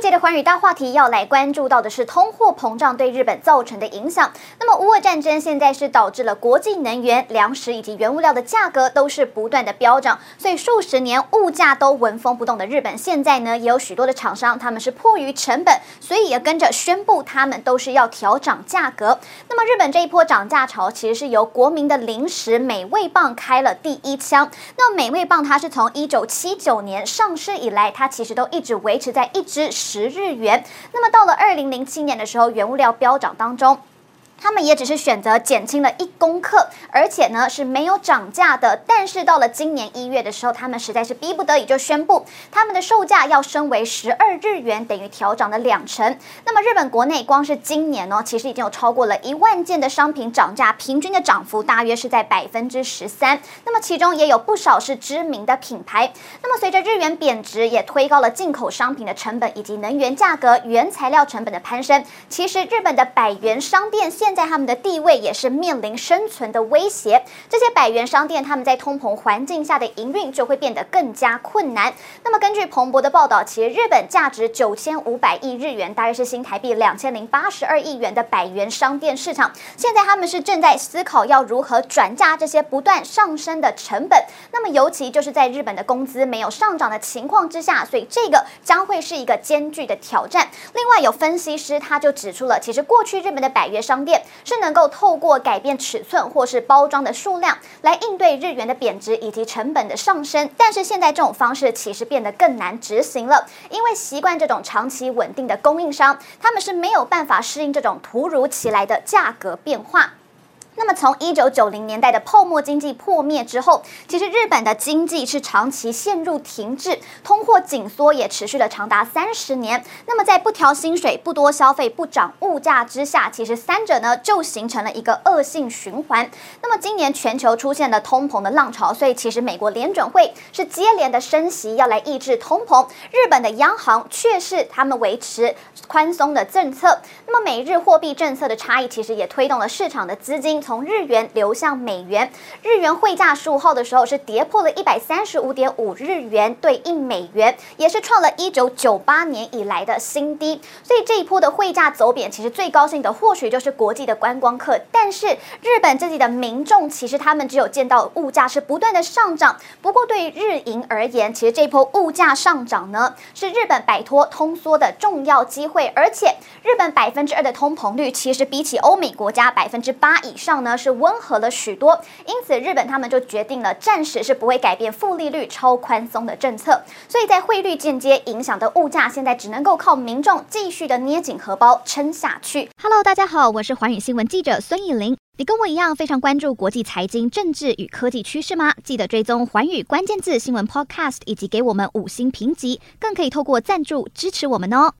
接着，寰宇大話題要來關注到的是通貨膨脹對日本造成的影響。那麼，烏俄戰爭現在是導致了國際能源、糧食以及原物料的價格都是不斷的飆漲，所以數十年物價都紋風不動的日本，現在呢也有許多的廠商，他們是迫於成本，所以也跟着宣布他們都是要調漲價格。那麼，日本這一波漲價潮其實是由國民的零食美味棒開了第一槍。那美味棒它是從一九七九年上市以來，它其實都一直維持在一支。十日元。那麼到了二零零七年的時候，原物料飆漲當中。他們也只是選擇減輕了一公克，而且呢是沒有漲價的。但是到了今年一月的時候，他們實在是逼不得已，就宣布他們的售價要升為十二日元，等於調漲了兩成。那麼日本國內光是今年呢、哦，其實已經有超過了一萬件的商品漲價，平均的漲幅大約是在百分之十三。那麼其中也有不少是知名的品牌。那麼隨着日元貶值，也推高了進口商品的成本以及能源價格、原材料成本的攀升。其實日本的百元商店現現在他們的地位也是面臨生存的威脅，這些百元商店他們在通膨環境下的營運就會變得更加困難。那麼根據彭博的報道，其實日本價值九千五百億日元，大約是新台幣兩千零八十二億元的百元商店市場，現在他們是正在思考要如何轉嫁這些不斷上升的成本。那麼尤其就是在日本的工資沒有上漲的情況之下，所以這個將會是一個艱鉅的挑戰。另外有分析師他就指出了，其實過去日本的百元商店，是能夠透過改變尺寸或是包裝的數量來應對日元的貶值以及成本的上升，但是現在這種方式其實變得更難執行了，因為習慣這種長期穩定的供應商，他們是沒有辦法適應這種突如其來的價格變化。那麼從一九九零年代的泡沫經濟破滅之後，其實日本的經濟是長期陷入停滯，通貨緊縮也持續了長達三十年。那麼在不調薪水、不多消費、不漲物價之下，其實三者呢就形成了一個惡性循環。那麼今年全球出現了通膨的浪潮，所以其實美國聯準會是接連的升息要來抑制通膨，日本的央行卻是他們維持寬鬆的政策。那麼美日貨幣政策的差異，其實也推動了市場的資金。從日元流向美元，日元匯價十五號的時候是跌破了一百三十五點五日元兌一美元，也是創了一九九八年以來的新低。所以這一波的匯價走貶，其實最高興的或許就是國際的觀光客，但是日本自己的民眾其實他們只有見到物價是不斷的上漲。不過對於日銀而言，其實這波物價上漲呢，是日本擺脫通縮的重要機會。而且日本百分之二的通膨率，其實比起歐美國家百分之八以上呢，是溫和了許多，因此日本他們就決定了暫時是不會改變負利率超寬鬆的政策，所以在匯率間接影響的物價，現在只能夠靠民眾繼續的捏緊荷包撐下去。Hello，大家好，我是環宇新聞記者孫以玲。你跟我一樣非常關注國際財經、政治與科技趨勢嗎？記得追蹤環宇關鍵字新聞 Podcast，以及給我們五星評級，更可以透過贊助支持我們哦。